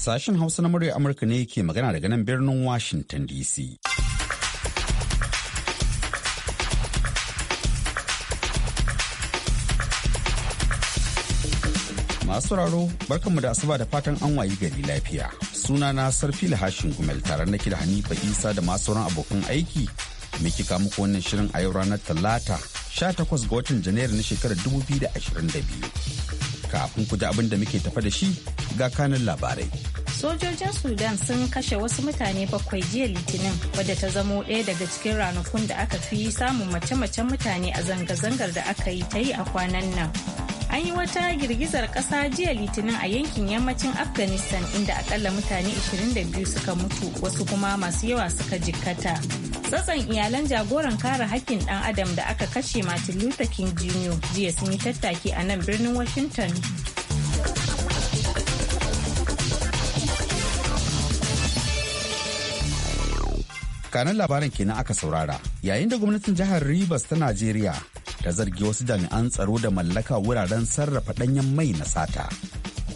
Sashen Hausa na murya Amurka ne ke magana daga nan birnin Washington DC. Masu raro barkanmu da asuba da fatan an wayi gari lafiya. Suna na Sarfi Lahashin Gumel tare na da Hanifa Isa da masu ran abokan aiki. Miki ka muku wannan shirin a yau ranar Talata 18 ga watan Janairu na shekarar 2022. kafin ku ji abin da muke tafa da shi ga kanin labarai. Sojojin Sudan sun kashe wasu mutane bakwai jiya Litinin wadda ta zamo ɗaya daga cikin ranakun da aka fi samun mace-macen mutane a zanga-zangar da aka yi ta yi a kwanan nan. An yi wata girgizar ƙasa jiya Litinin a yankin yammacin Afghanistan inda akalla mutane 22 suka mutu wasu kuma masu yawa suka jikkata. Tsatsan iyalan jagoran kare hakkin ɗan adam da aka kashe Martin Luther King Jr. jiya sun yi tattaki a nan birnin Washington. kanan labarin kenan aka saurara yayin da gwamnatin jihar Rivers ta Najeriya ta zargi wasu jami'an tsaro da mallaka wuraren sarrafa danyen mai na sata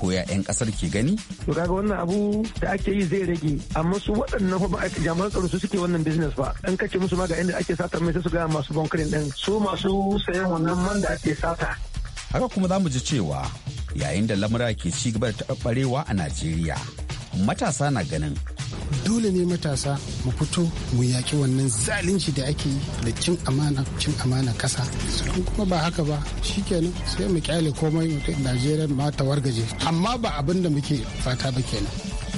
ko ya 'yan kasar ke gani? To kaga wannan abu da ake yi zai rage amma su waɗannan fa ma'aikata jami'an tsaro su suke wannan business ba an kace musu ma ga inda ake sata mai su ga masu bankirin din su masu sayan wannan man da ake sata. Haka kuma za mu ji cewa yayin da lamura ke ci gaba da taɓarɓarewa a Najeriya. matasa na ganin dole ne matasa mu fito mu yaƙi wannan zalunci da ake yi da cin amana cin amana ƙasa Sannan kuma ba haka ba shikenan sai mu kyale komai najeriya ma ta wargaje amma ba abin da muke fata ba kenan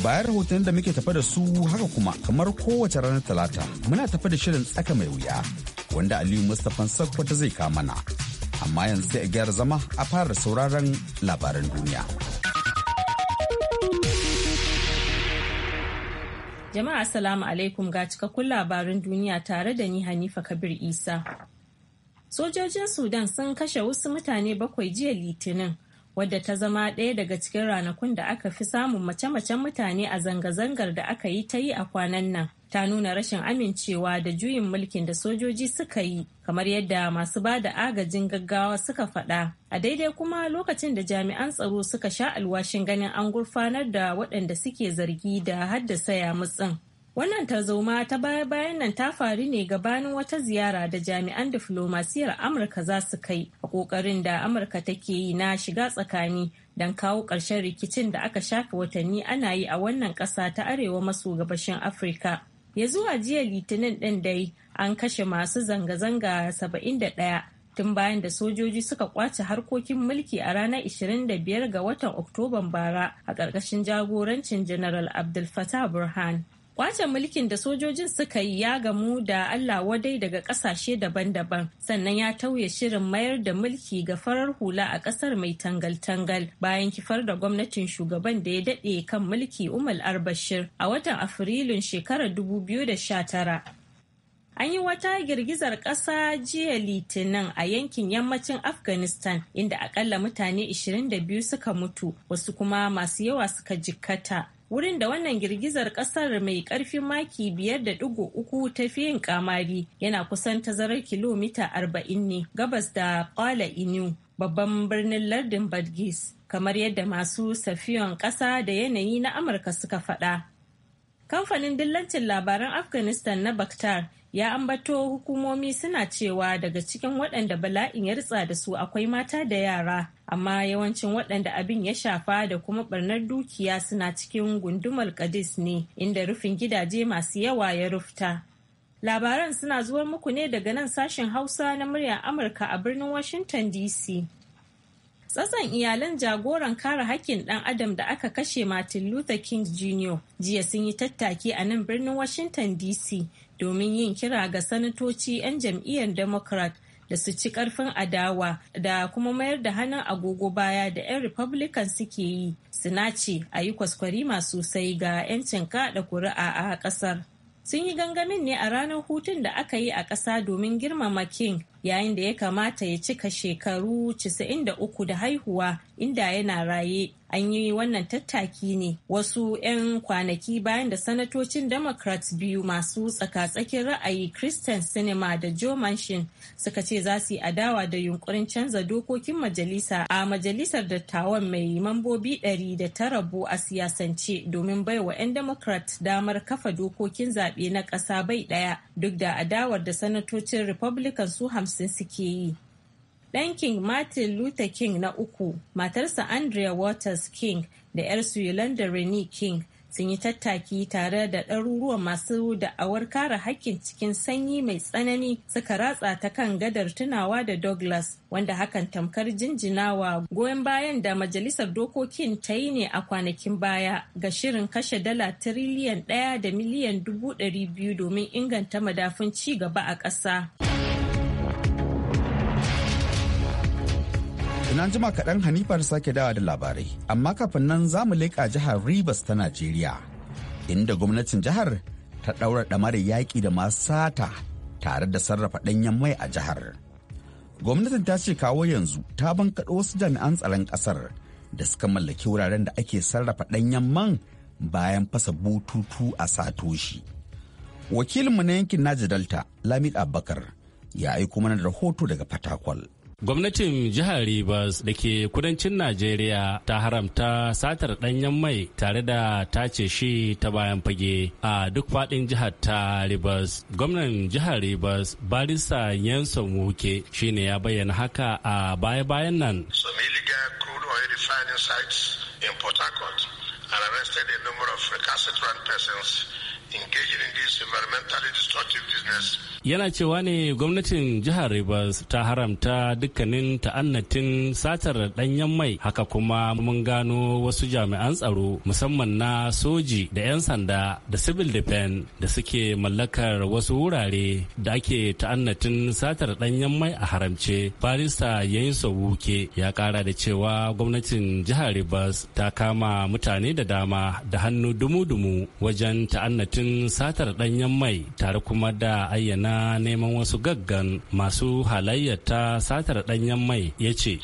bayan rahoton da muke tafa da su haka kuma kamar kowace ranar talata muna tafa da shirin tsaka mai wuya wanda aliyu mustapha ta zai kama na amma yanzu sai a gyara zama a fara sauraron labaran duniya. Jama'a Assalamu alaikum ga cikakkun labarin duniya tare da ni Hanifa Kabir Isa. Sojojin Sudan sun kashe wasu mutane bakwai jiya Litinin, wadda ta zama ɗaya daga cikin ranakun da aka fi samun mace-macen mutane a zanga-zangar da aka yi ta yi a kwanan nan. ta nuna rashin amincewa da juyin mulkin da sojoji suka yi kamar yadda masu ba da agajin gaggawa suka faɗa a daidai kuma lokacin da jami'an tsaro suka sha alwashin ganin an gurfanar da waɗanda suke zargi da haddasa yamutsin wannan tarzoma ta baya bayan nan ta faru ne gabanin wata ziyara da jami'an diflomasiyar amurka za su kai a ƙoƙarin da amurka take yi na shiga tsakani don kawo ƙarshen rikicin da aka shafe watanni ana yi a wannan ƙasa ta arewa maso gabashin afirka ya zuwa jiya litinin ɗin dai an kashe masu zanga-zanga 71 tun bayan da sojoji suka kwace harkokin mulki a ranar 25 ga watan oktoban bara a ƙarƙashin jagorancin general abdul fatah burhan Kwace mulkin da sojojin suka yi ya gamu da Allah wadai daga kasashe daban-daban sannan ya tauye shirin mayar da mulki ga farar hula a kasar mai tangal-tangal bayan kifar da gwamnatin shugaban da ya daɗe kan mulki Umar Arbashir a watan Afrilun shekarar 2019. An yi wata girgizar ƙasa jiya Litinin a yankin yammacin Afghanistan inda akalla mutane 22 suka mutu wasu kuma masu yawa suka jikkata. wurin da wannan girgizar kasar mai karfin maki biyar da uku ta fi yin kamari yana kusan tazarar kilomita arba'in ne gabas da kwala inu babban birnin lardin badgis kamar yadda masu safiyon kasa da yanayi na amurka suka faɗa kamfanin dillancin labaran afghanistan na baktar ya ambato hukumomi suna cewa daga cikin waɗanda bala'in ya ritsa da su akwai mata da yara amma yawancin waɗanda abin ya shafa da kuma ɓarnar dukiya suna cikin gundumar kadis ne inda rufin gidaje masu yawa ya rufta labaran suna zuwa muku ne daga nan sashen hausa na muryar amurka a birnin washington dc Tsatsan iyalan jagoran kare hakkin ɗan adam da aka kashe martin luther king jr jiya sun yi tattaki a nan birnin washington dc domin yin kira ga sanatoci 'yan jam'iyyar democrat da su ci karfin adawa da kuma mayar da hannun agogo baya da 'yan republican suke yi suna ce a yi kwaskwari masu sai ga 'yancin kada kuri'a a kasar sun yi gangamin ne a ranar hutun da aka yi a ƙasa domin girmama king yayin da ya kamata ya cika shekaru 93 da haihuwa inda yana raye an yi wannan tattaki ne wasu 'yan kwanaki bayan da sanatocin democrats biyu masu tsaka-tsakin ra'ayi christian sinema da joe manchin suka ce za su yi adawa da yunkurin canza dokokin majalisa a majalisar dattawan mai mambobi rabu a siyasance domin baiwa 'yan democrat damar kafa dokokin zaɓe na ƙasa bai ɗaya duk da adawar da sanatocin republican su hamsin suke yi Dan King Martin Luther King na uku, matarsa Andrea Waters King da 'yarsu Yolanda Renee King sun yi tattaki tare da ɗaruruwan masu da'awar kare haƙƙin cikin sanyi mai tsanani suka ratsa ta kan gadar tunawa da Douglas wanda hakan tamkar jinjinawa goyon bayan da majalisar dokokin ta yi ne a kwanakin baya ga shirin kashe dala tiriliyan ɗaya da miliyan dubu ɗari biyu domin inganta madafun ci gaba a ƙasa. In jima kaɗan Hanifar sake dawa da labarai, amma kafin nan za mu leƙa jihar Rivers ta Najeriya, inda gwamnatin jihar ta ɗaura ɗamarar yaƙi da masu sata tare da sarrafa ɗanyen mai a jihar. Gwamnatin ta ce kawo yanzu ta bankaɗo wasu jami'an tsaron ƙasar da suka mallaki wuraren da ake sarrafa ɗanyen man bayan fasa bututu a satoshi. shi. Wakilinmu na yankin Naji Delta, Lamid Abubakar, ya aiko mana rahoto daga Fatakwal. Gwamnatin jihar Rivers da ke kudancin Najeriya ta haramta satar ɗanyen mai tare da tace shi ta bayan fage a duk faɗin jihar ta Rivers. Gwamnan jihar Rivers Barista Yanson Wuke shine ya bayyana haka a baya-bayan nan. Some in Port Yana cewa ne gwamnatin jihar Rivers ta haramta dukkanin ta'annatin satar danyen mai haka kuma mun gano wasu jami'an tsaro musamman na soji da 'yan sanda da civil defense da suke mallakar wasu wurare da ake ta'annatin satar danyen mai a haramce. Barista yayin wuke ya kara da cewa gwamnatin jihar Rivers ta kama mutane da dama da hannu dumu-dumu wajen ta'annatin zargin satar danyen mai tare kuma da ayyana neman wasu gaggan masu halayyar ta satar ɗanyen mai ya ce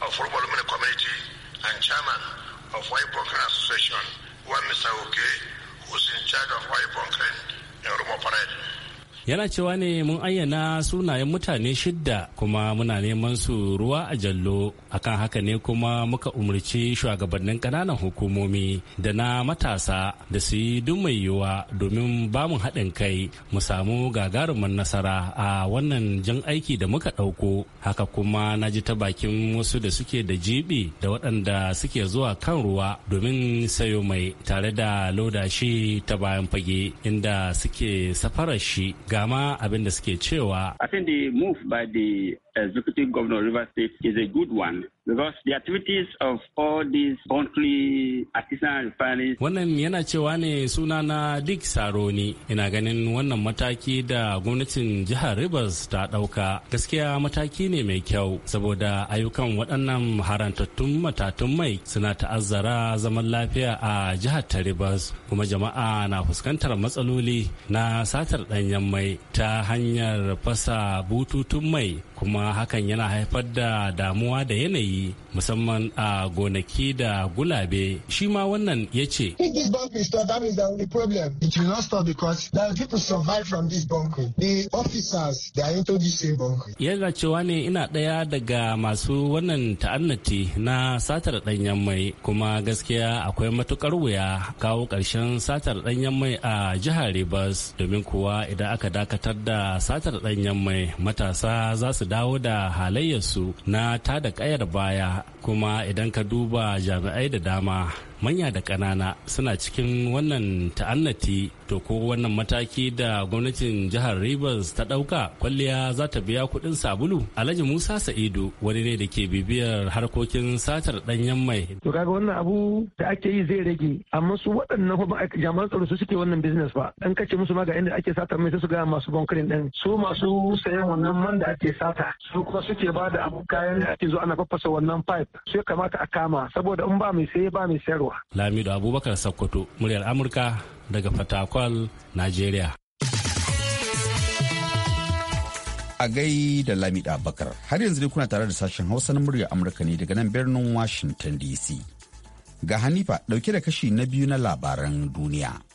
of and chairman of Association, one Mr. Oke, who's in charge of White Broker in Rumo Parade. yana cewa ne mun ayyana sunayen mutane shidda kuma muna neman su ruwa a jallo akan haka ne kuma muka umarci shugabannin kananan hukumomi da na matasa da su yi duk mai yiwuwa domin bamu haɗin kai mu samu gagarumin nasara a wannan jan aiki da muka ɗauko haka kuma na ji ta bakin wasu da suke da jibi da waɗanda suke zuwa kan ruwa domin sayo mai tare da loda shi ta bayan fage inda suke safarar shi ga ga ma abin da suke cewa. I think the move by the uh, executive governor of River State is a good one. because the activities of all these country artisanal refineries. Wannan yana cewa ne suna na Dick Saroni. Ina ganin wannan mataki da gwamnatin jihar Rivers ta dauka gaskiya mataki ne mai kyau saboda ayyukan waɗannan harantattun matatun mai suna ta'azzara zaman lafiya a jihar ta Rivers kuma jama'a na fuskantar matsaloli na satar danyen mai ta hanyar fasa bututun mai kuma hakan yana haifar da damuwa da yanayi musamman a gonaki da gulabe shi ma wannan ya ce yana cewa ne ina ɗaya daga masu wannan ta'annati na satar ɗanyen mai kuma gaskiya akwai matukar wuya kawo ƙarshen satar ɗanyen mai a jihar Rivers domin kuwa idan aka dakatar da satar ɗanyen mai matasa za su dawo da halayyarsu na tada ƙayar baya kuma idan ka duba jami'ai da dama manya da ƙanana suna cikin wannan ta'annati to ko wannan mataki da gwamnatin jihar Rivers ta ɗauka kwalliya za ta biya kuɗin sabulu Alhaji Musa Sa'idu wani ne da ke bibiyar harkokin satar danyen mai. To kaga wannan abu da ake yi zai rage amma su waɗannan ba jami'an tsaro su suke wannan business ba dan kace musu ma ga inda ake satar mai su ga masu bankirin din. su masu sayan wannan man da ake sata su kuma suke ba da abu kayan da ake zo ana fafasa wannan pipe sai kamata a kama saboda in ba mai saye ba mai sayarwa kowa. Lamido Abubakar Sokoto, muryar Amurka daga Fatakwal, Najeriya. A gai da Lamido Abubakar, har yanzu ne kuna tare da sashen Hausa na muryar Amurka ne daga nan birnin Washington DC. Ga Hanifa dauke da kashi na biyu na labaran duniya.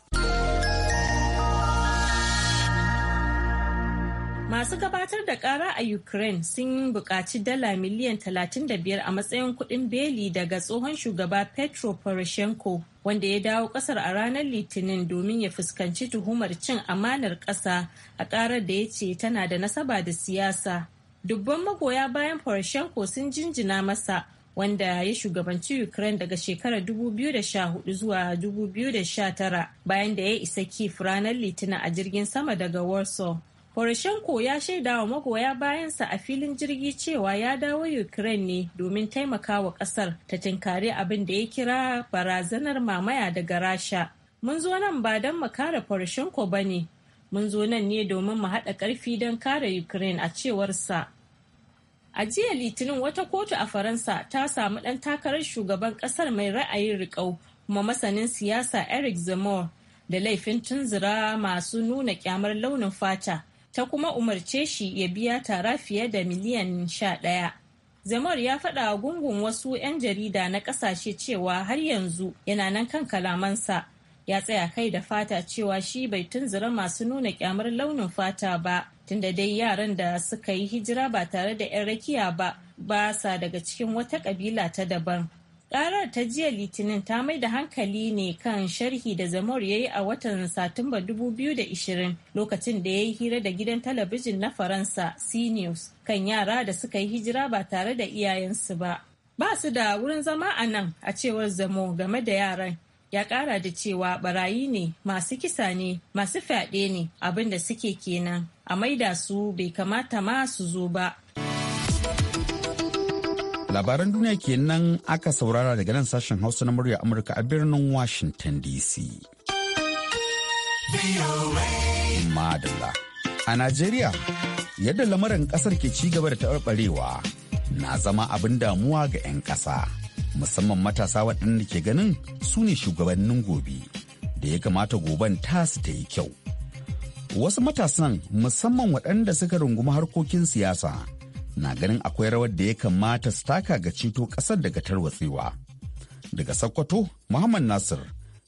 Masu gabatar da kara a Ukraine sun buƙaci dala miliyan 35 a matsayin kuɗin beli daga tsohon shugaba Petro Poroshenko wanda ya dawo ƙasar a ranar Litinin domin ya fuskanci tuhumar cin amanar ƙasa a ƙarar da ya ce tana da nasaba da siyasa. Dubban magoya bayan Poroshenko sun jinjina masa wanda ya shugabanci Ukraine daga shekarar 2014 zuwa 2019 bayan da ya isa kif ranar Litinin a jirgin sama daga Warsaw. Poroshenko ya shaida wa magoya bayansa a filin jirgi cewa ya dawo Ukraine ne domin taimakawa kasar ta tinkari abin da ya kira barazanar mamaya daga Rasha. Mun zo nan ba don mu kare Poroshenko ba ne, mun zo nan ne domin mu haɗa ƙarfi don kare Ukraine a cewarsa. A jiya Litinin wata kotu a Faransa ta samu ɗan takarar shugaban ƙasar mai ra'ayin riƙau kuma masanin siyasa Eric Zemmour da laifin tunzura masu nuna kyamar launin fata. ta kuma umarce shi ya biya tara fiye da miliyan sha ɗaya. Zamar ya faɗa gungun wasu 'yan jarida na ƙasashe cewa har yanzu yana nan kan kalamansa ya tsaya kai da fata cewa shi bai tunzura masu nuna kyamar launin fata ba tunda dai yaran da suka yi hijira ba tare da 'yan rakiya ba ba sa daga cikin wata ƙabila ta daban. Karar ta jiya Litinin ta mai da hankali ne kan sharhi da Zamor ya yi a watan Satumba 2020 lokacin da ya yi hira da gidan talabijin na Faransa CNews kan yara da suka yi hijira ba tare da iyayensu ba. Ba su da wurin zama a nan a cewar Zamo game da yaran. Ya kara da cewa barayi ne, masu kisa ne, masu fyaɗe ne abin da suke kenan. A maida su bai kamata ma su zo ba. Labaran duniya kenan aka saurara daga nan sashen Hausa na murya Amurka a birnin Washington DC. Madalla. A Najeriya, yadda lamarin kasar ke ci gaba da taɓarɓarewa na zama abin damuwa ga 'yan ƙasa, musamman matasa waɗanda ke ganin su ne shugabannin gobe da ya kamata goben tasu ta yi kyau. Wasu matasan musamman waɗanda suka rungumi harkokin siyasa na ganin akwai rawar da ya kamata su taka ga ceto kasar daga tarwatsewa. Daga Sokoto, Muhammad Nasir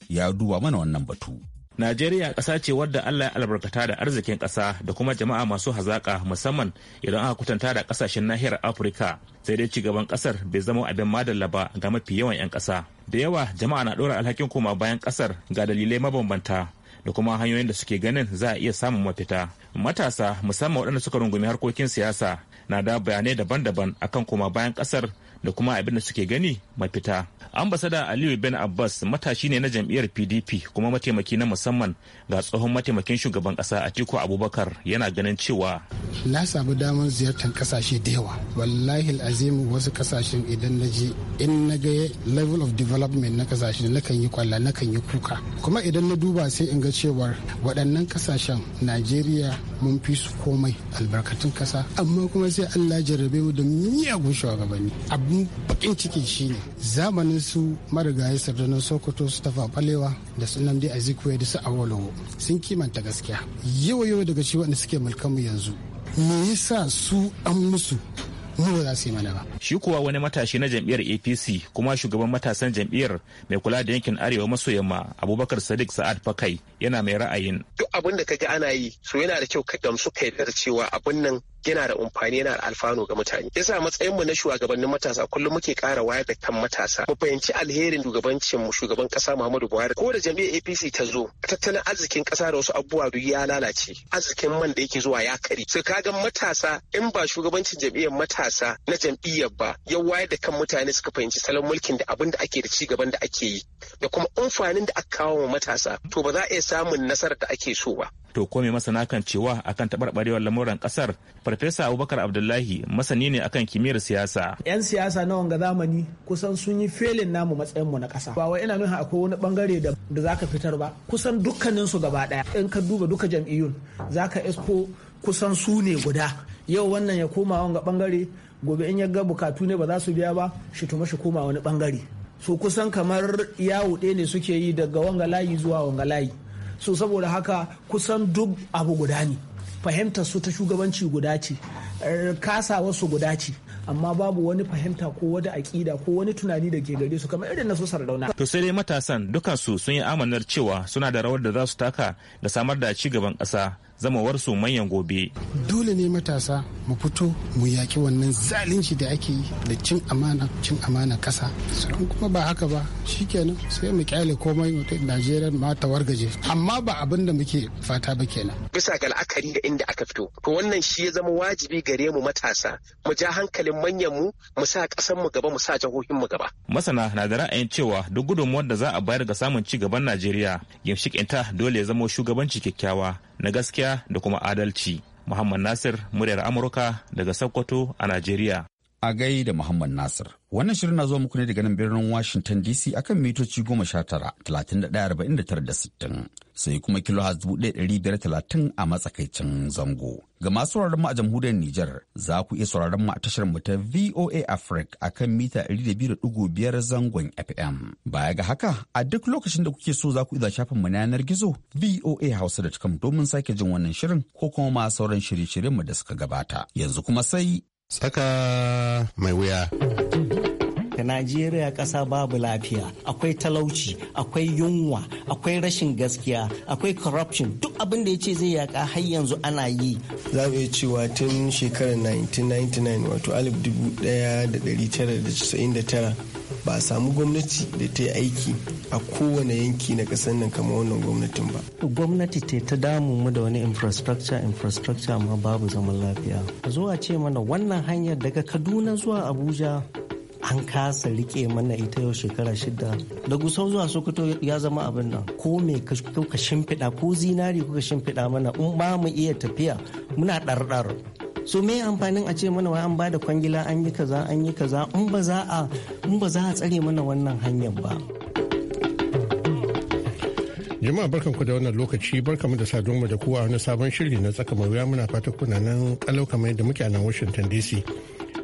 ya duba mana wannan batu. Najeriya ƙasa ce wadda Allah ya albarkata da arzikin ƙasa da kuma jama'a masu hazaƙa musamman idan aka kutanta da ƙasashen nahiyar Afirka sai dai ci gaban ƙasar bai zama abin madalla ba ga mafi yawan 'yan ƙasa. Da yawa jama'a na ɗora alhakin koma bayan ƙasar ga dalilai mabambanta da kuma hanyoyin da suke ganin za a iya samun mafita. Matasa musamman waɗanda suka rungumi harkokin siyasa na da bayanai daban-daban akan koma bayan kasar da kuma abin da suke gani mafita. Ambasada Aliyu Ben Abbas matashi ne na jam'iyyar PDP kuma mataimaki na musamman ga tsohon mataimakin shugaban kasa Atiku Abubakar yana ganin cewa na samu damar ziyartar kasashe da yawa. Wallahi azim wasu kasashen idan na je in na ga level of development na kasashe na kan yi kwalla na kan yi kuka. Kuma idan na duba sai in ga cewar waɗannan kasashen Najeriya mun fi su komai albarkatun kasa amma kuma sai Allah jarrabe mu da miyagun shugabanni abin bakin ciki shine zamanin su marigayi sardunan sokoto su tafa balewa da su a azikwe da su awolowo sun kimanta gaskiya yawa yawa daga shi waɗanda suke mulkan mu yanzu me yasa su an musu mu ba za su yi mana ba. Shi kuwa wani matashi na jam'iyyar APC kuma shugaban matasan jam'iyyar mai kula da yankin Arewa maso yamma Abubakar Sadiq Sa'ad Fakai yana mai ra'ayin. Duk abin da kaga ana yi so yana da kyau ka gamsu ka yarda cewa abin nan yana da amfani yana da alfano ga mutane yasa matsayin mu na shugabannin matasa kullum muke ƙara wayar da kan matasa mu fahimci alherin shugabancin mu shugaban kasa Muhammadu Buhari ko da jami'ar APC ta zo tattalin arzikin kasa da wasu abubuwa duk ya lalace arzikin man da yake zuwa ya kare ka kaga matasa in ba shugabancin jami'ar matasa na jam'iyyar ba ya wayar da kan mutane suka fahimci salon mulkin da abin da ake da ci gaban da ake yi da kuma amfanin da aka kawo wa matasa to ba za a iya samun nasarar da ake so ba to mai masana kan cewa akan taɓarɓarewar lamuran ƙasar farfesa abubakar abdullahi masani ne akan kimiyyar siyasa yan siyasa na wanga zamani kusan sun yi felin namu matsayinmu na kasa. ba ina nuna akwai wani bangare da da zaka fitar ba kusan dukkanin su gaba ɗaya in ka duba duka jam'iyyun zaka isko kusan su ne guda yau wannan ya koma wanga bangare gobe in ya ga bukatu ne ba za su biya ba shi tuma shi koma wani bangare su kusan kamar yawo ɗaya ne suke yi daga wanga layi zuwa wanga layi so saboda haka kusan duk abu guda ne fahimtar su ta shugabanci guda ce er, kasa wasu guda ce amma babu wani fahimta ko wani aƙida ko wani tunani da ke gare su kamar irin na su sardauna. To sai dai matasan dukansu sun yi amanar cewa suna da rawar da za su taka da samar da ci gaban ƙasa warsu manyan gobe. Dole ne matasa mu fito mu yaki wannan zalunci da ake yi da cin amana cin amana ƙasa. Sannan kuma ba haka ba shikenan sai mu kyale komai tafi Najeriya ma ta wargaje. Amma ba abin da muke fata ba kenan. Bisa ga la'akari da inda aka fito. To wannan shi ya zama wajibi gare mu matasa mu ja hankalin manyan mu mu sa ƙasar mu gaba mu sa jahohin mu gaba. Masana na da ra'ayin cewa duk gudunmuwar da za a bayar ga samun ci gaban Najeriya yamshikinta dole ya zama shugabanci kyakkyawa na gaskiya da kuma adalci. Muhammad Nasir, muryar Amurka daga Sokoto a Najeriya. a gai da Muhammad Nasir. Wannan shirin na zuwa muku ne daga nan birnin Washington DC akan mitoci 19 tara da 60 sai kuma kilo a talatin a matsakaicin zango. Ga masu sauraron mu a jamhuriyar Nijar za ku iya sauraron mu a tashar mu ta VOA Africa kan mita 200.5 zangon FM. Baya ga haka a duk lokacin da kuke so za ku iya shafin mu na yanar gizo VOA Hausa da domin sake jin wannan shirin ko kuma ma sauran shirye-shiryen mu da suka gabata. Yanzu kuma sai Saka mai wuya. Da Najeriya ƙasa babu lafiya, akwai talauci, akwai yunwa, akwai rashin gaskiya, akwai corruption duk abin da ya ce zai yaƙa har yanzu ana yi. Za mu iya cewa tun shekarar 1999 wato 1999 ba a samu gwamnati da ta yi aiki a kowane yanki na ƙasar nan kamar wannan gwamnatin ba gwamnati ce ta damu mu da wani infrastructure infrastructure amma babu zaman lafiya zuwa ce mana wannan hanyar daga kaduna zuwa abuja an kasa rike mana ita yau shekara shida da gusau zuwa sokoto ya zama abin nan ko me ka shimfiɗa ko zinari kuka shimfiɗa mana in ba mu iya tafiya muna ɗarɗar so me amfanin a ce mana wai an da kwangila an yi kaza an yi kaza in ba za a in ba za a tsare mana wannan hanyar ba jama'a ku da wannan lokaci barkamu da mu da kowa wani sabon shiri na tsaka mai wuya muna fata kuna nan kalau kamar yadda muke a nan washington dc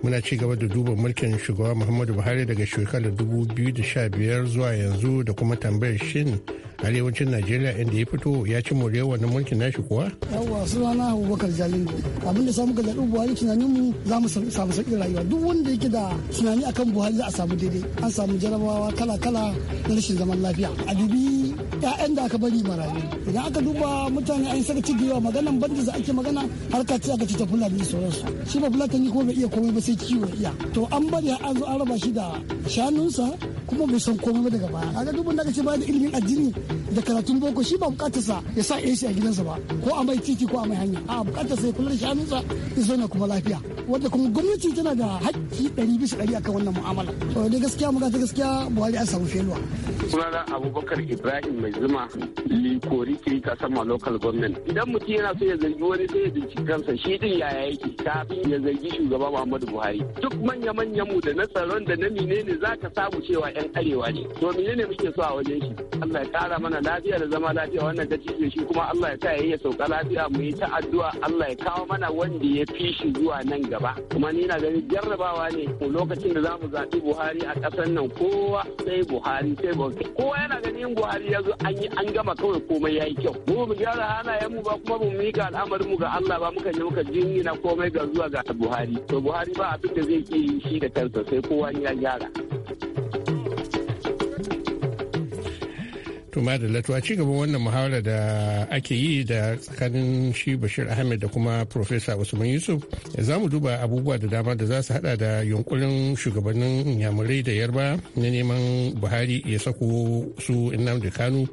muna ci gaba da duba mulkin shugaba muhammadu buhari daga shekarar 2015 zuwa yanzu da kuma tambayar shin arewacin najeriya inda ya fito ya ci morewa wannan mulkin nashi kuwa yawwa sunana abubakar jalingo abinda samu ga zaɓi buhari tunanin mu za mu samu sauƙin rayuwa duk wanda yake da tunani akan buhari za a samu daidai an samu jarabawa kala kala na rashin zaman lafiya a dubi 'ya'yan da aka bari marayu idan aka duba mutane an saka ciki yawa maganan banda za ake magana harka ce aka ci ta fulani da sauransu shi ba fulani kuma bai iya komai ba sai kiwo iya to an bari an zo an raba shi da shanunsa kuma bai san komai ba daga baya kaga duba wanda kace baya da ilimin addini da karatun boko shi ba bukatarsa ya sa AC a gidansa ba ko a mai titi ko a mai hanya a bukatarsa ya kula da shanunsa ya zauna kuma lafiya wanda kuma gwamnati tana da haƙƙi ɗari bisa ɗari akan wannan mu'amala to da gaskiya mu ta gaskiya Buhari an samu feluwa sunana Abubakar Ibrahim mai zuma likori kiri ta sama local government idan mutum yana so ya zargi wani sai ya zargi kansa shi din yaya yake kafin ya zargi shugaba muhammadu buhari duk manya-manyan mu da na tsaron da na mine ne za ka samu cewa yan arewa ne to mine ne muke so a wajen shi allah ya kara mana lafiya da zama lafiya wannan da cikin shi kuma allah ya sa ya iya sauka lafiya mu yi ta addu'a allah ya kawo mana wanda ya fi shi zuwa nan gaba kuma ni na ganin jarrabawa ne lokacin da za mu zaɓi buhari a kasar nan kowa sai buhari sai buhari kowa yana ganin buhari ya zo an an gama kawai komai ya yi kyau mu mu gyara halayen mu ba kuma mu mika al'amarin mu ga Allah ba muka je muka na komai ga zuwa ga Buhari to Buhari ba abin da zai ke yi shi da kansa sai kowa ya gyara to da to a ci gaban wannan muhawara da ake yi da tsakanin shi bashir ahmed da kuma profesa usman yusuf za mu duba abubuwa da dama da za su hada da yunkurin shugabannin yamurai da yarba na neman buhari ya sako su nnamdi kanu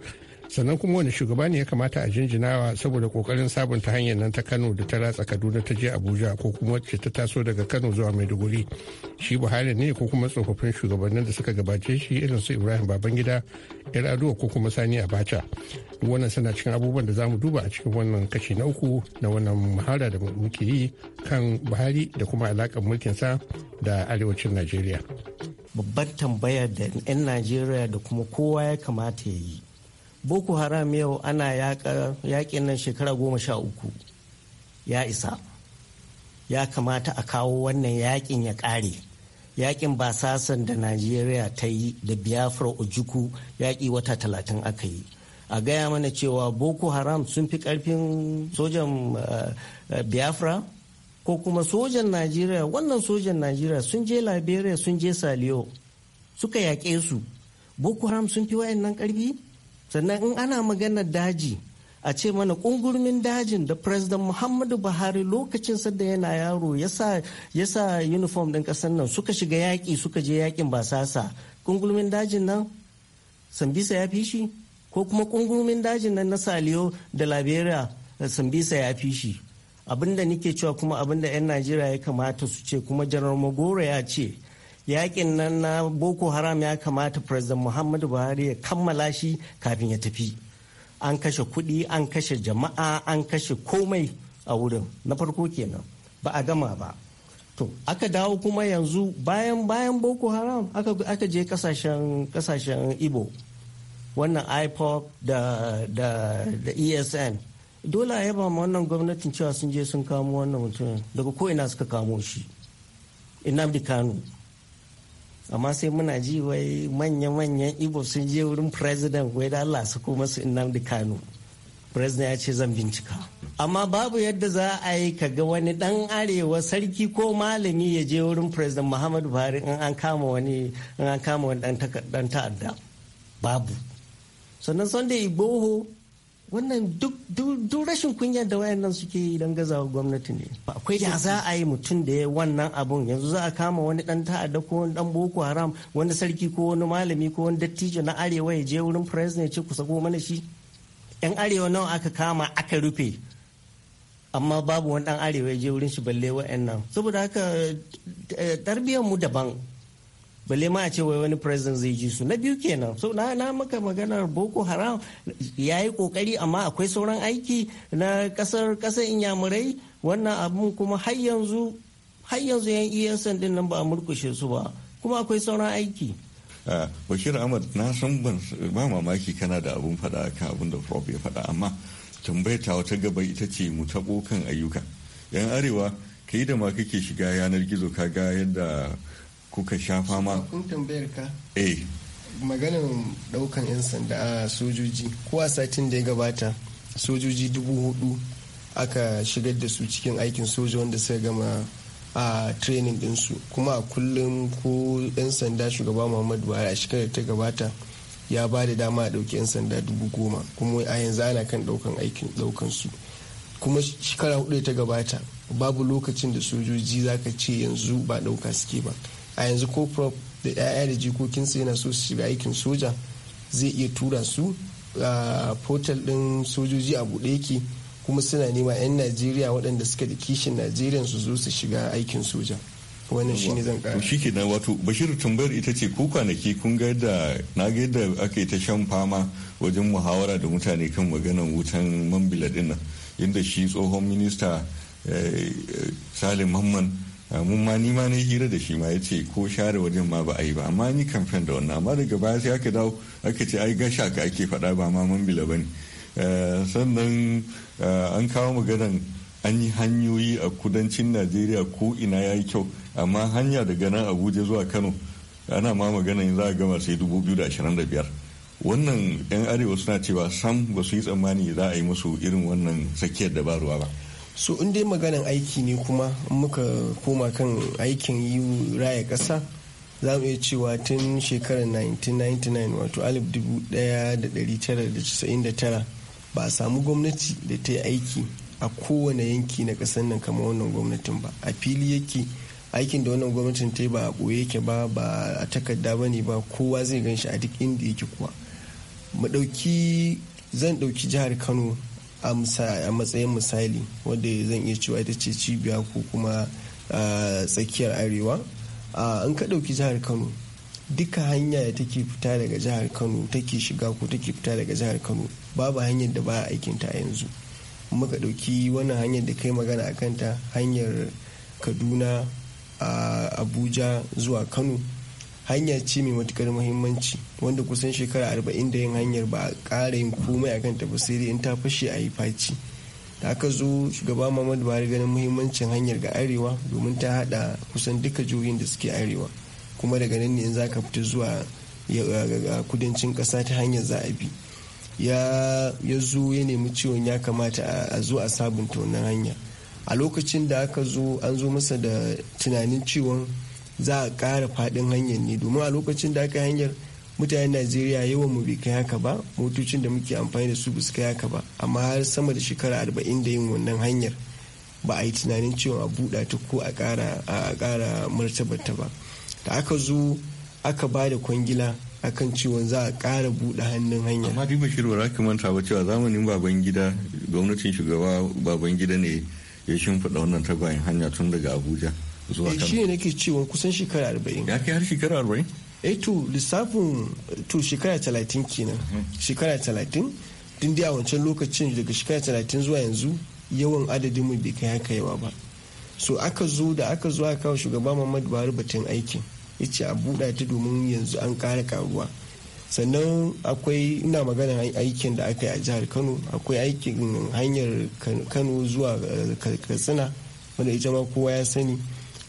sannan kuma wani shugaba ne ya kamata a jinjinawa saboda kokarin sabunta hanyar nan ta kano da ta ratsa kaduna ta je abuja ko kuma ce ta taso daga kano zuwa maiduguri shi buhari ne ko kuma tsofaffin shugabannin da suka gabace shi irin su ibrahim babangida yar aduwa ko kuma sani abacha wannan suna cikin abubuwan da zamu duba a cikin wannan kashi na uku na wannan muhara da muke yi kan buhari da kuma alakan sa da arewacin najeriya babban tambaya da 'yan najeriya da kuma kowa ya kamata ya yi boko haram yau ana yakin nan shekara goma sha uku ya isa ya kamata a kawo wannan yakin ya kare yakin basasan da najeriya ta yi da biafra ojuku yaƙi wata talatin aka yi a gaya mana cewa boko haram sun fi karfin sojan eh, eh, biafra ko kuma sojan najeriya wannan sojan najeriya sun je liberia sun je saliyo suka yaƙe su boko haram sun fi wayannan karfi sannan in ana maganar daji a ce mana ƙungurmin dajin da president muhammadu buhari lokacin sadda yana yaro ya sa uniform ɗin ƙasar nan suka shiga yaƙi suka je yaƙin basasa kungurmin dajin nan sambisa ya fi shi ko kuma kungurmin dajin nan na saliyo da liberia sambisa ya fi shi abinda nike cewa kuma abinda 'yan najeriya ya kamata su ce kuma janar magoro ya ce yakin nan na boko haram ya kamata president muhammadu buhari ya kammala shi kafin ya tafi an kashe kuɗi an kashe jama'a an kashe komai a wurin na farko kenan ba a gama ba to aka dawo kuma yanzu bayan bayan boko haram aka, je kasashen ibo wannan ipop da, esn dole a yaba wannan gwamnatin cewa sun je sun kamo wannan mutumin daga ko ina suka kamo shi inamdi kano amma sai muna ji wai manya-manyan igbo sun je wurin president wai da allah su koma su da kano president ya ce zan bincika amma babu yadda za a yi ga wani dan arewa sarki ko malami ya je wurin president muhammadu buhari in an kama wani in dan ta'adda babu sannan sunday igboho wannan duk rashin kunyar da nan suke yi don gazawa gwamnati ne akwai da za a yi mutum da ya wannan abun yanzu za a kama wani dan ta'adda ko wani dan boko haram wani sarki ko wani malami ko wani dattijo na arewa ya je wurin president ce ku sako mana shi yan arewa nawa aka kama aka rufe amma babu wani dan arewa ya je wurin shi balle nan. saboda haka eh, tarbiyyar mu daban balle ma a ce wai wani president zai ji su na biyu kenan so na na maka maganar boko haram yayi kokari amma akwai sauran aiki na kasar kasar inyamurai wannan abun kuma har yanzu har yanzu yan ESN din nan ba a murkushe su ba kuma akwai sauran aiki Bashir Ahmad na san ban ba mamaki kana da abun faɗa kan abun da Prof ya faɗa amma tambayar ta wata gaba ita ce mu taɓo kan ayyuka. Yan arewa kai da ma kake shiga yanar gizo ka ga yadda kuka sha fama kun tambayar ka eh maganin daukan yan sanda a sojoji ko a satin da ya gabata sojoji dubu hudu aka shigar da su cikin aikin soja wanda suka gama a training su kuma a kullum ko yan sanda shugaba muhammadu buhari a shekarar ta gabata ya ba da dama a dauki 'yan sanda dubu goma kuma a yanzu ana kan ɗaukan aikin daukan su kuma shekara hudu ta gabata babu lokacin da sojoji zaka ce yanzu ba ɗauka suke ba a yanzu ko prop da 'ya'ya da su yana so su shiga aikin soja zai iya tura su a portal ɗin sojoji a buɗe yake kuma suna nema 'yan najeriya waɗanda suka da kishin najeriya su zo su shiga aikin soja wannan shi ne zan kara shi nan wato bashir tambayar ita ce ko kwanaki kun ga yadda na ga yadda aka yi ta shan fama wajen muhawara da mutane kan maganan wutan mambila dinnan inda shi tsohon minista eh, eh, salim mamman Ah, mun ma nima hira da shi ma ya ce ko share wajen ma ba a yi ba amma ni kamfen da wannan amma daga baya sai aka dawo aka ce ai gasha ka ake faɗa ba ma mun bila ba ne eh, sannan eh, an kawo maganan an yi hanyoyi a kudancin najeriya ko ina ya yi kyau amma hanya daga nan abuja zuwa kano ana ma maganan za a gama sai dubu biyu da da ashirin biyar wannan yan arewa suna cewa sam ba su yi tsammani za a yi musu irin wannan tsakiyar dabaruwa ba so in dai maganan aiki ne kuma in muka koma kan aikin yi raya ƙasa za mu iya cewa tun shekarar 1999 wato 1999 ba a samu gwamnati da ta yi aiki a kowane yanki na ƙasar nan kamar wannan gwamnatin ba a fili yake aikin da wannan gwamnatin ta yi ba a ɓoye yake ba ba a takarda ba ne ba kowa zai gan shi a duk inda yake kuwa zan ɗauki jihar kano a matsayin misali wanda zan iya cewa ita ce cibiya ko kuma tsakiyar arewa in ka ɗauki jihar kano duka hanya da take fita daga jihar kano take shiga ko take fita daga jihar kano babu hanyar da ba a aikinta a yanzu muka ɗauki wannan hanyar da kai magana a kanta hanyar kaduna a abuja zuwa kano hanya ce mai matukar muhimmanci wanda kusan shekara arba'in da yin hanyar ba a kara yin komai akan ta ba sai dai in ta fashe a yi faci da aka zo shugaba muhammadu buhari ganin muhimmancin hanyar ga arewa domin ta hada kusan duka jihohin da suke arewa kuma daga nan ne in za ka fita zuwa kudancin kasa ta hanyar za a bi ya zo ya nemi ciwon ya kamata a zo a sabunta wannan hanya a lokacin da aka zo an zo masa da tunanin ciwon za a ƙara faɗin hanyar ne domin a lokacin da aka hanyar mutanen najeriya yawan mu bai kai haka ba motocin da muke amfani da su ba su kai haka ba amma har sama da shekara arba'in da yin wannan hanyar ba a yi tunanin cewa a buɗa ta ko a ƙara martabarta ba da aka zo aka ba da kwangila akan cewa za a ƙara buɗe hannun hanya. amma duk bashir ba za ka manta ba cewa zamanin baban gida gwamnatin shugaba baban gida ne ya shimfiɗa wannan tagwayen hanya tun daga abuja zuwa eh, kano shi nake cewa kusan shekara arba'in ya kai har shekara arba'in eh to lissafin to shekara talatin kenan hmm. shekara talatin din dai a wancan lokacin daga shekara talatin zuwa yanzu yawan adadin mu bai kai haka yawa ba so aka zo da aka zo aka kawo shugaba muhammadu buhari batun aikin ya ce a buɗa ta domin yanzu an ƙara karuwa sannan akwai ina magana aikin da aka yi a jihar kano akwai aikin hanyar kano zuwa eh, katsina wanda ita ma kowa ya sani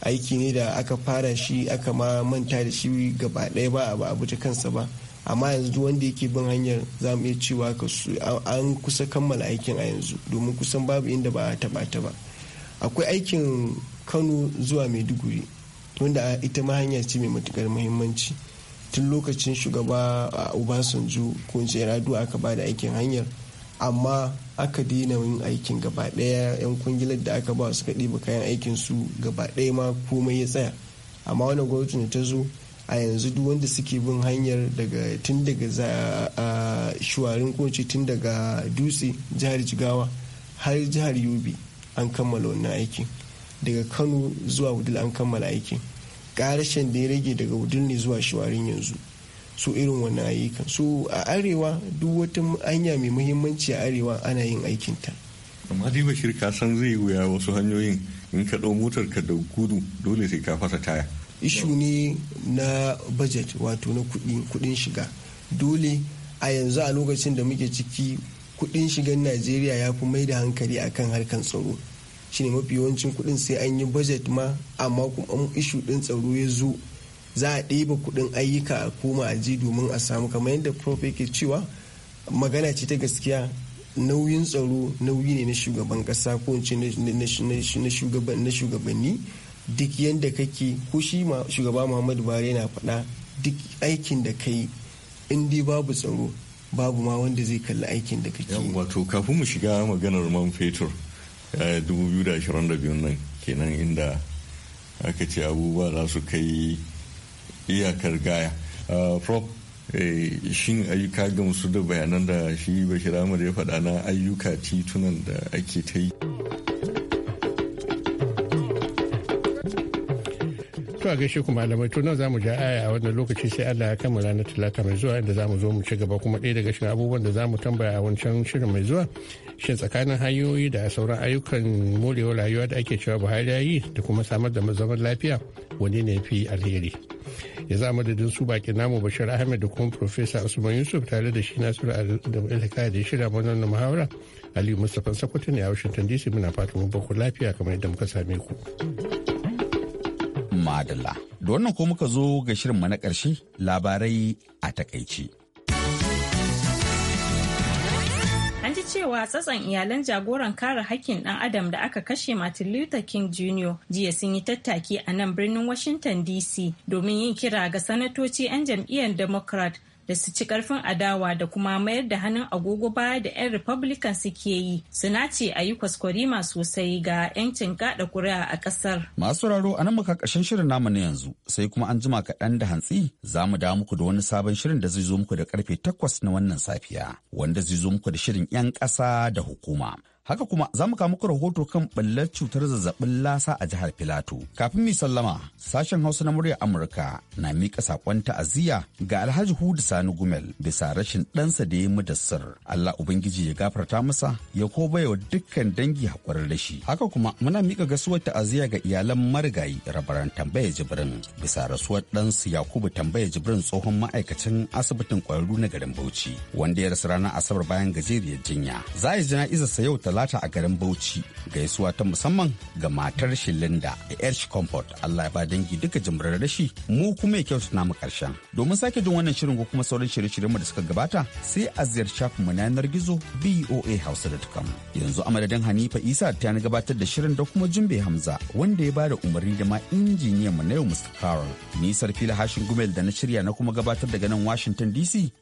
aiki ne da aka fara shi aka ma manta da shi gaba ɗaya ba a abu ta kansa ba amma yanzu wanda yake bin hanyar za mu iya cewa an kusa kammala aikin a yanzu domin kusan babu inda ba a taɓa ta ba akwai aikin kano zuwa maiduguri wanda ita ma hanya ce mai matukar muhimmanci tun lokacin shugaba a obasanjo ko in ce aka ba da aikin hanyar amma aka daina yin aikin gaba ɗaya yan kungilar da aka ba suka ɗiba kayan aikin su gaba daya ma komai ya tsaya amma wannan gwamnatin ta zo a yanzu duk wanda suke bin hanyar daga tun daga shuwarin kowace tun daga dutse jihar jigawa har jihar yobe an kammala wannan aiki daga kano zuwa wudil an kammala aiki karashen da ya rage daga wudil ne zuwa shuwarin yanzu su irin wannan ayyukan su a arewa duk wata hanya mai muhimmanci a arewa ana yin aikinta amma dai bashir ka san zai wuya wasu hanyoyin in ka ɗau motar ka da gudu dole sai ka fasa taya ishu ne na budget wato na kuɗin shiga dole a yanzu a lokacin da muke ciki kuɗin shigan najeriya ya fi mai da hankali akan harkar tsaro shine mafi yawancin kuɗin sai an yi budget ma amma kuma ishu ɗin tsaro ya zo za a ɗeba kuɗin ayyuka a koma a ji domin a samu kamar yadda prof yake cewa magana ce ta gaskiya nauyin tsaro nauyi ne na shugaban ƙasa ko na shugabanni duk yadda kake ko shi shugaba muhammadu bari yana faɗa duk aikin da ka yi in dai babu tsaro babu ma wanda zai kalli aikin da kake yi wato kafin mu shiga maganar man fetur 2022 eh, nan kenan inda aka ce abubuwa za su kai iyakar gaya uh, prof eh, shin ayyuka musu da bayanan da shi bashir ya faɗa na ayyuka titunan da ake ta yi To a gaishe ku malamai to nan zamu ja aya a wannan lokaci sai Allah ya kama ranar talata mai zuwa inda zamu zo mu ci gaba kuma ɗaya daga cikin abubuwan da zamu tambaya a wancan shirin mai zuwa shin tsakanin hanyoyi da sauran ayyukan morewa rayuwa da ake cewa Buhari ya yi da kuma samar da zaman lafiya wani ne fi alheri. Ya za madadin su baki namu Bashir Ahmed da kuma Profesa Usman Yusuf tare da shi Nasiru da Ilkaya da shirya wannan muhawara ali mustafa Sokoto ne a Washington DC muna fatan mun ku lafiya kamar yadda muka same ku. Madalla. Da wannan ko muka zo ga shirinmu na ƙarshe labarai a takaici. An ji cewa tsatsan iyalan jagoran kare hakkin ɗan adam da aka kashe Martin Luther King Jr. jiya sun yi tattaki a nan birnin Washington DC domin yin kira ga sanatoci 'yan jam'iyyar Democrat da su ci karfin adawa da kuma mayar da hannun agogo baya da 'yan republican suke yi suna ce a yi kwaskwarima sosai ga 'yancin gada kuri'a a kasar masu raro a nan muka ƙarshen shirin namu na yanzu sai kuma an jima kaɗan da hantsi za mu dawo muku da wani sabon shirin da zai zo muku da karfe takwas na wannan safiya wanda zai zo muku da shirin 'yan ƙasa da hukuma Haka kuma za mu muku rahoto kan ɓallar cutar zazzabin lasa a jihar Filato. Kafin mu sallama, sashen Hausa na murya Amurka na miƙa saƙon ta'aziyya ga Alhaji Hudu Sani Gumel bisa rashin ɗansa da ya mu da sir. Allah Ubangiji ya gafarta masa ya ko wa dukkan dangi haƙurin da shi. Haka kuma muna miƙa gasuwar ta'aziyya ga iyalan marigayi rabaran tambaya jibrin bisa rasuwar ɗansu Yakubu tambaya jibrin tsohon ma'aikacin asibitin ƙwararru na garin Bauchi wanda ya rasa ranar Asabar bayan gajeriyar jinya. Za a yi jana'izarsa yau talata a garin bauchi gaisuwa ta musamman ga matar shilinda da yar comfort allah ya ba dangi duka jimrar rashi mu kuma ya kyauta namu karshen domin sake jin wannan shirin ko kuma sauran shirye-shiryen mu da suka gabata sai a ziyarci mu na yanar gizo da yanzu a madadin hanifa isa ta na gabatar da shirin da kuma jumbe hamza wanda ya ba da umarni da ma injiniyan mu na yau mr carol ni sarfila hashin gumel da na shirya na kuma gabatar daga nan washington dc